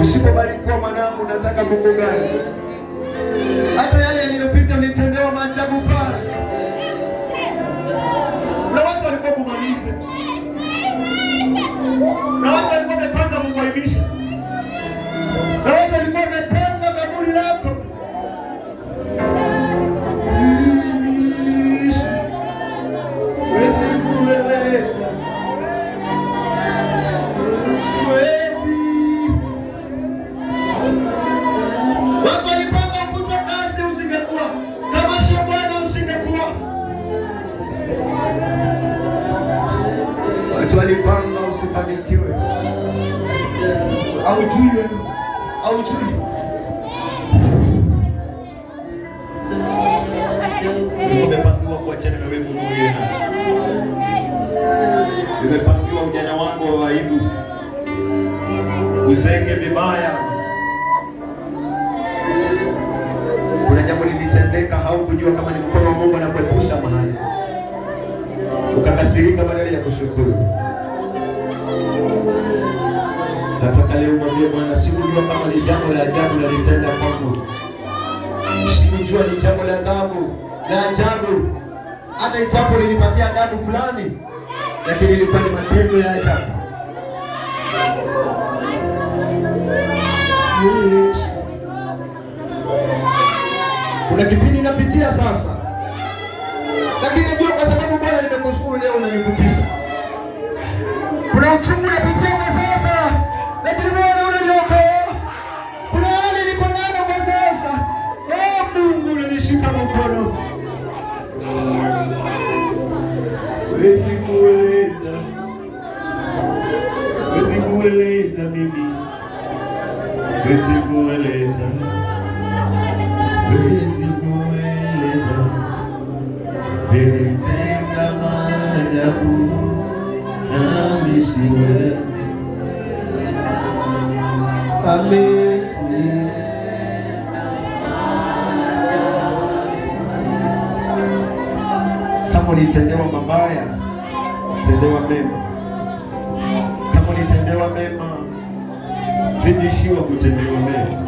Usipobarikiwa mwanangu, nataka Mungu gani? Hata yale yaliyopita nitendewa maajabu pale, na watu walikuwa kumaliza, na watu walikuwa wamepanga kumwaibisha, na watu walikuwa kujua kama ni mkono wa Mungu anakuepusha mahali, ukakasirika badala ya kushukuru. Nataka leo mwambie Bwana, sikujua kama ni jambo la ajabu nalitenda kwangu, sikujua ni jambo la adhabu la ajabu, hata ijapo lilipatia adhabu fulani, lakini ilikuwa ni matendo ya ajabu. Kuna kipindi napitia sasa, lakini najua kwa sababu Bwana nimekushukuru leo unanivukisha. Kuna uchungu napitia kwa sasa, lakini Bwana unaniokoa. Kuna hali niko nayo kwa sasa, oh Mungu unanishika mkono wezi kueleza mimi, wezi kueleza Nilitenda maajabu nami siwezi, kama nitendewa mabaya tendewa mema, kama nitendewa mema zidishiwa kutendewa mema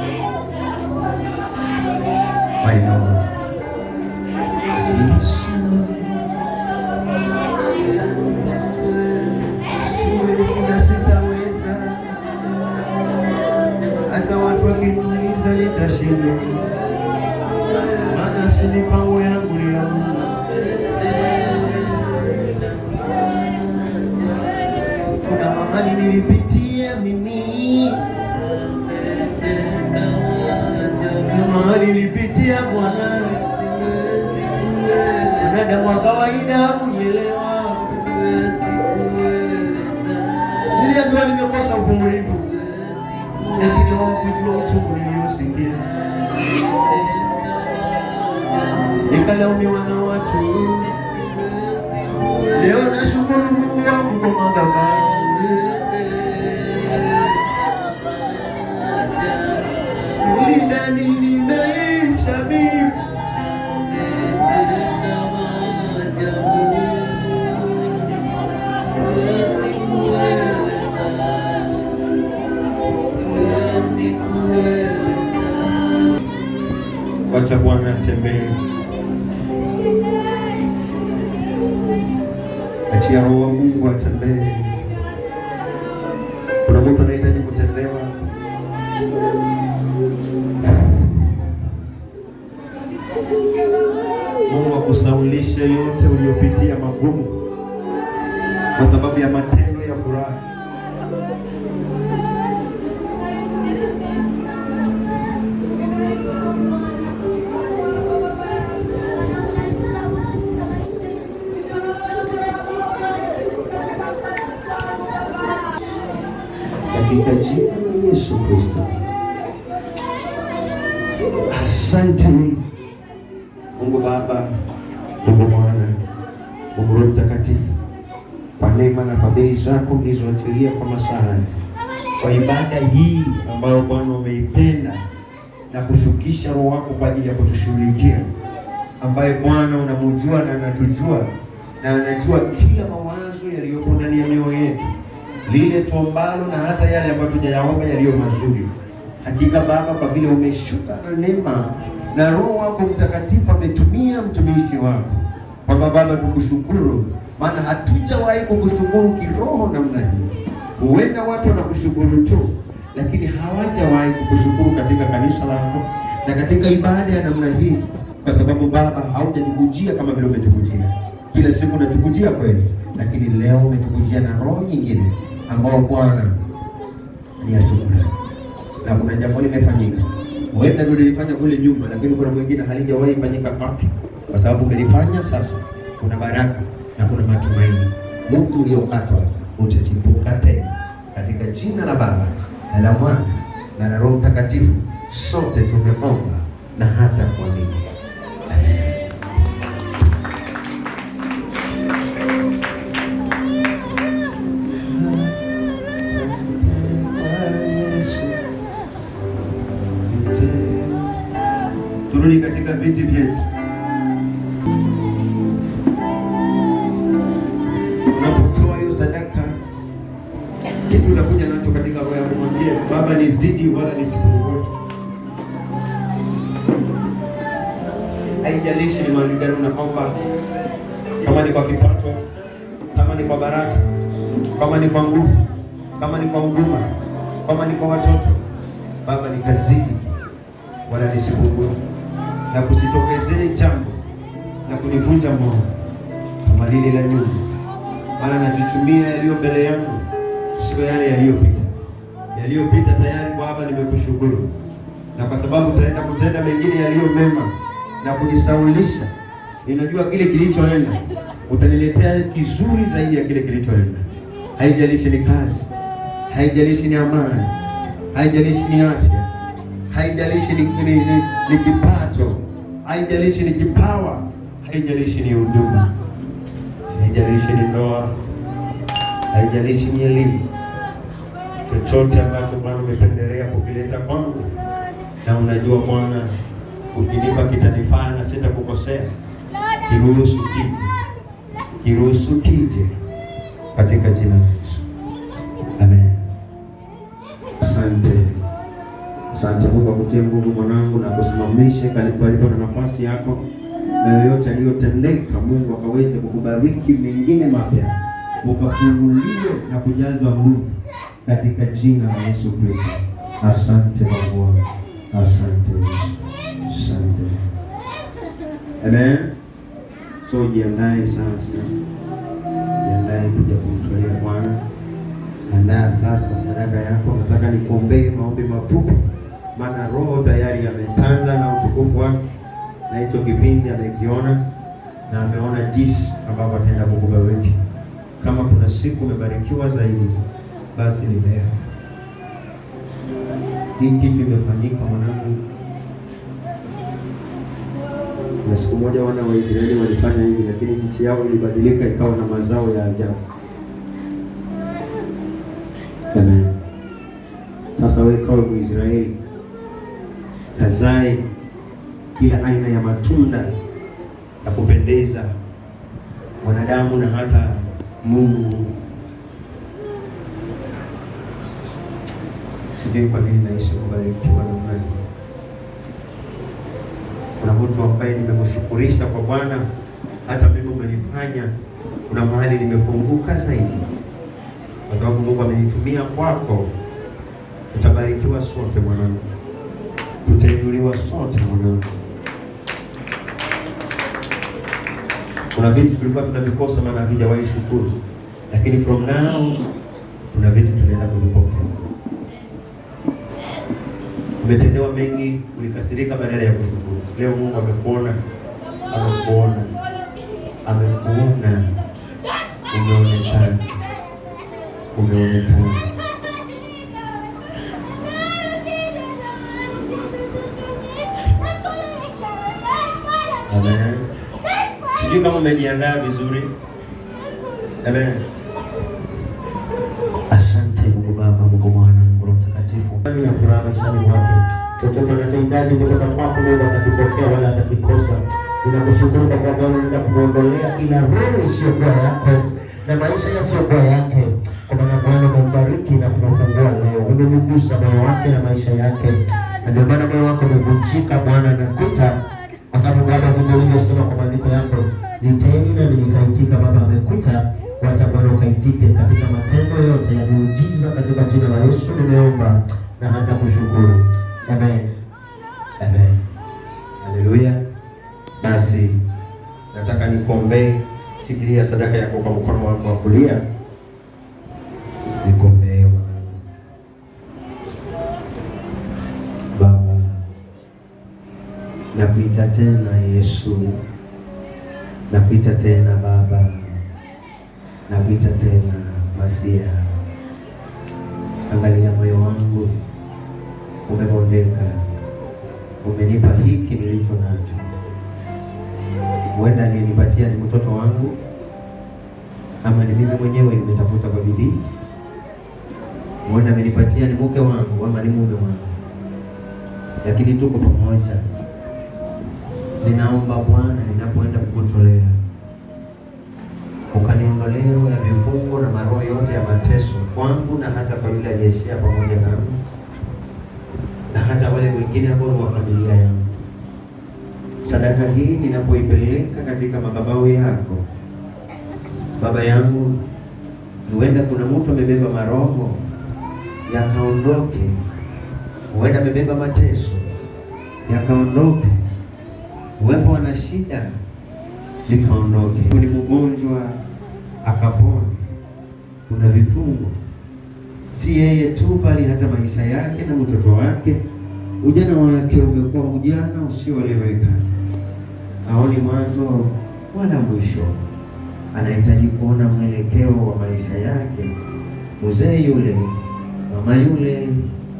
kukosa uvumilivu, lakini hawakujua uchungu niliyozingira. Nikalaumiwa na watu, leo nashukuru Mungu wangu kwa madhabahu Wacha Bwana atembee, achia Roho wa Mungu atembee. Kuna mtu anahitaji kutendewa, Mungu akusaulishe yote katika jina la Yesu Kristo. Asante Mungu Baba, Mungu Mwana, Mungu Roho Mtakatifu, kwa neema na fadhili zako ulizoachilia kwa masaa kwa ibada hii ambayo Bwana umeipenda na kushukisha Roho wako kwa ajili ya kutushughulikia, ambaye Bwana unamujua na anatujua na anajua kila mawazo yaliyopo ndani ya mioyo yetu lile tuombalo na hata yale ambayo tujayaomba yaliyo mazuri. Hakika Baba, kwa vile umeshuka na neema na Roho wako Mtakatifu ametumia mtumishi wako, kwamba Baba tukushukuru, maana hatujawahi kukushukuru kiroho namna hii. Huenda watu wanakushukuru tu, lakini hawajawahi kukushukuru katika kanisa lako na katika ibada ya namna hii, kwa sababu Baba haujatukujia kama vile umetukujia kila siku. Unatukujia kweli, lakini leo umetukujia na roho nyingine ambao Bwana ni ya shukrani. Na kuna jambo limefanyika, huenda ndio lilifanya kule nyuma, lakini kuna mwingine halijawahi fanyika kwake, kwa sababu kilifanya sasa. Kuna baraka na kuna matumaini. Mtu uliokatwa utachipuka tena, katika jina la Baba na la Mwana na la Roho Mtakatifu. Sote tumeomba na hata kuamini, amen. turudi katika viti vyetu. Unapotoa hiyo sadaka, kitu utakuja nacho katika roho ya kumwambia Baba, nizidi wala nisipungue. Haijalishi ni mali gani unaomba, kama ni kwa kipato, kama ni kwa baraka, kama ni kwa nguvu, kama ni kwa huduma, kama ni kwa watoto, Baba nikazidi wala nisipungue na kusitokezee jambo na kunivunja moyo kama lile la nyuma, maana najichumia yaliyo mbele yangu, sio yale yaliyopita. Yaliyopita tayari Baba nimekushukuru, na kwa sababu utaenda kutenda mengine yaliyo mema na kunisaulisha, ninajua kile kilichoenda utaniletea kizuri zaidi ya kile kilichoenda. Haijalishi ni kazi, haijalishi ni amani, haijalishi ni afya haijalishi ni, ni, ni, ni kipato, haijalishi ni kipawa, haijalishi ni huduma, haijalishi ni ndoa, haijalishi ni elimu, chochote ambacho Bwana umependelea kukileta kwangu, na unajua Bwana ukinipa kitanifaa na sitakukosea, kiruhusu kije, kiruhusu kije katika jina la Yesu, amen. Asante. Asante Mungu akutie nguvu mwanangu, na kusimamishe palipo na nafasi yako, na yoyote aliyotendeka, Mungu akaweze kukubariki mengine mapya, ukafunguliwe na kujazwa nguvu katika jina la Yesu Kristo. Asante Mungu asante Yesu, asante Amen. So jiandae sasa, jiandae kuja kumtolea Bwana. Andaa sasa sadaka yako. Nataka nikuombee maombi mafupi maana Roho tayari ametanda na utukufu wake, na hicho kipindi amekiona na ameona jinsi ambavyo ataenda kukubariki. Kama kuna siku umebarikiwa zaidi, basi ni leo. Hii kitu imefanyika mwanangu, na siku moja wana wa Israeli walifanya hivi, lakini nchi yao ilibadilika ikawa na mazao ya ajabu. Amen. Sasa wewe kawe Mwisraeli kazae kila aina ya matunda ya kupendeza wanadamu na hata Mungu. Sijui kwa nini nahisi kubariki Bwana Kuna mtu ambaye nimekushukurisha kwa Bwana, hata mimi umenifanya kuna mahali nimefunguka zaidi, kwa sababu Mungu amenitumia kwako. Utabarikiwa sote mwanangu tutainuliwa sote mwanangu. Kuna vitu tulikuwa tunavikosa maana hatujawahi shukuru, lakini from now kuna vitu tunaenda kuvipokea. Umetendewa mengi, ulikasirika badala ya kushukuru. Leo Mungu amekuona, amekuona, amekuona, umeonekana, umeonekana Sijui kama umejiandaa vizuri. Amen. Asante Mungu Baba, Mungu Mwana, Mungu Mtakatifu. Nina furaha maishani mwake. Chochote anachohitaji kutoka kwako Mungu atakipokea wala atakikosa. Ninakushukuru kwa sababu nitakuondolea kila roho isiyokuwa yako na maisha yasiyokuwa yake. Kwa maana Bwana umembariki na kumfungua leo. Umemgusa moyo wake na maisha yake. Na ndio maana moyo wako umevunjika Bwana nakuta kwa sababu Baba, ndivyo ulivyosema kwa maandiko yako. Nitaeni nami nitaitika, Baba amekuta wacha Bwana ukaitike katika matendo yote ya miujiza, katika jina la Yesu nimeomba na hata kushukuru. Amen. Amen. Haleluya. Basi nataka nikuombee. Shikilia sadaka yako kwa mkono wako wa kulia, nikuombee. Baba, nakuita tena Yesu Nakuita tena Baba, nakuita tena Masia. Angalia moyo wangu umebondeka, umenipa hiki nilicho nacho. Huenda aliyenipatia ni mtoto wangu, ama ni mimi mwenyewe nimetafuta kwa bidii. Huenda amenipatia ni mke wangu, ama ni mume wangu, lakini tuko pamoja. Ninaomba Bwana ninapoenda kukutolea, ukaniondolea roho ya vifungo na maroho yote ya mateso kwangu na hata kwa yule aliyeshia pamoja nami na hata wale wengine ambao wa familia yangu. Sadaka hii ninapoipeleka katika madhabahu yako Baba yangu, huenda kuna mtu amebeba maroho yakaondoke, huenda amebeba mateso yakaondoke, uwepo wana shida zikaondoke. Ni mgonjwa akapona. Kuna vifungo, si yeye tu, bali hata maisha yake na mtoto wake. Ujana wake umekuwa ujana usioeleweka, haoni mwanzo wala mwisho. Anahitaji kuona mwelekeo wa maisha yake. Mzee yule, mama yule,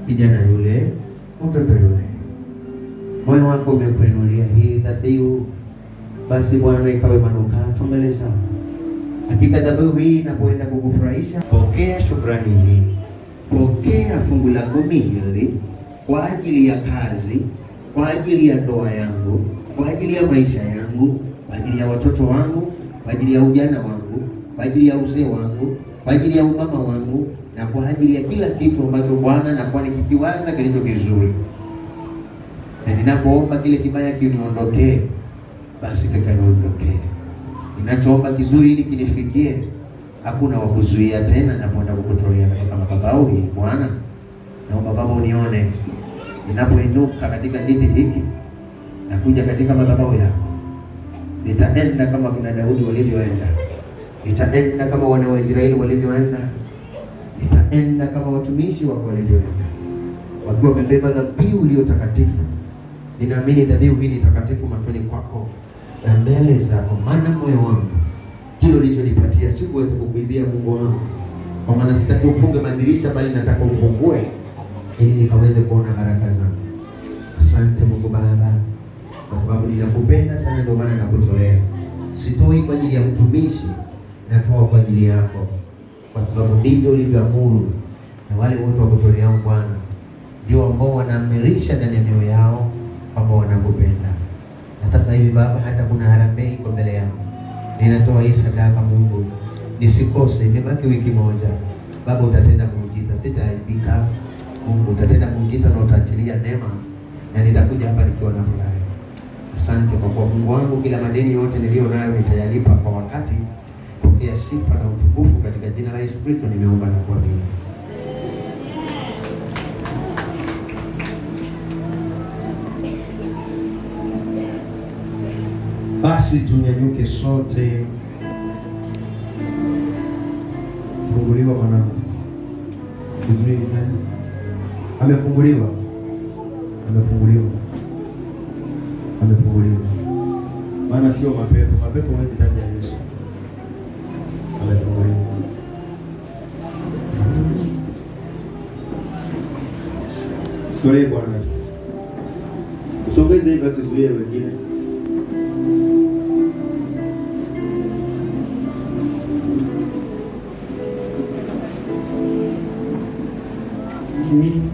kijana yule, mtoto yule, moyo wako umekuinulia hii dhabihu basi Bwana na ikawe manukato mbele zako. Hakika dhabihu hii inapoenda kukufurahisha, pokea shukrani hii, pokea fungu la kumi hili kwa ajili ya kazi, kwa ajili ya ndoa yangu, kwa ajili ya maisha yangu, kwa ajili ya watoto wangu, kwa ajili ya ujana wangu, kwa ajili ya uzee wangu, kwa ajili ya umama wangu, na kwa ajili ya kila kitu ambacho Bwana nakuwa nikikiwaza kilicho kizuri, na ninapoomba kile kibaya kinondokee basi takalondokea. Ninachoomba kizuri ili kinifikie, hakuna wa kuzuia tena, napoenda kukutolea katika madhabahu hii. Bwana, naomba Baba unione ninapoinuka katika kiti hiki, kuja katika madhabahu yako, nitaenda kama kina Daudi walivyoenda, nitaenda kama wana wa Israeli walivyoenda, nitaenda kama watumishi wako walivyoenda, wakiwa wamebeba dhabihu iliyo takatifu. Ninaamini dhabihu hii ni takatifu machoni kwako na mbele zako, maana moyo wangu hilo nilicholipatia sikuweza kukuibia Mungu wangu, kwa maana sitaki ufunge madirisha, bali nataka ufungue ili nikaweze kuona baraka zangu. Asante Mungu Baba, kwa sababu ninakupenda sana, ndio maana nakutolea. Sitoi kwa ajili ya mtumishi, natoa kwa ajili yako, kwa sababu ndivyo ulivyoamuru, na wale wote wakutoleao Bwana ndio ambao wanaamirisha ndani ya mioyo yao kwamba wanakupenda. Sasa hivi Baba, hata kuna harambee iko mbele yangu, ninatoa hii sadaka Mungu, nisikose. nibaki wiki moja, Baba utatenda muujiza, sitaaibika. Mungu utatenda muujiza na utaachilia neema, na nitakuja hapa nikiwa na furaha. Asante kwa kuwa Mungu wangu, kila madeni yote niliyo nayo nitayalipa kwa wakati. Pokea sifa na utukufu katika jina la Yesu Kristo, nimeomba na kuamini. Basi tunyanyuke sote. Funguliwa mwanangu, uzuri Nani amefunguliwa, amefunguliwa, amefunguliwa. Maana sio mapepo, mapepo huwezi ndani ya Yesu. Amefunguliwa. Tulie Bwana, usogeze hivi asizuie wengine. Me.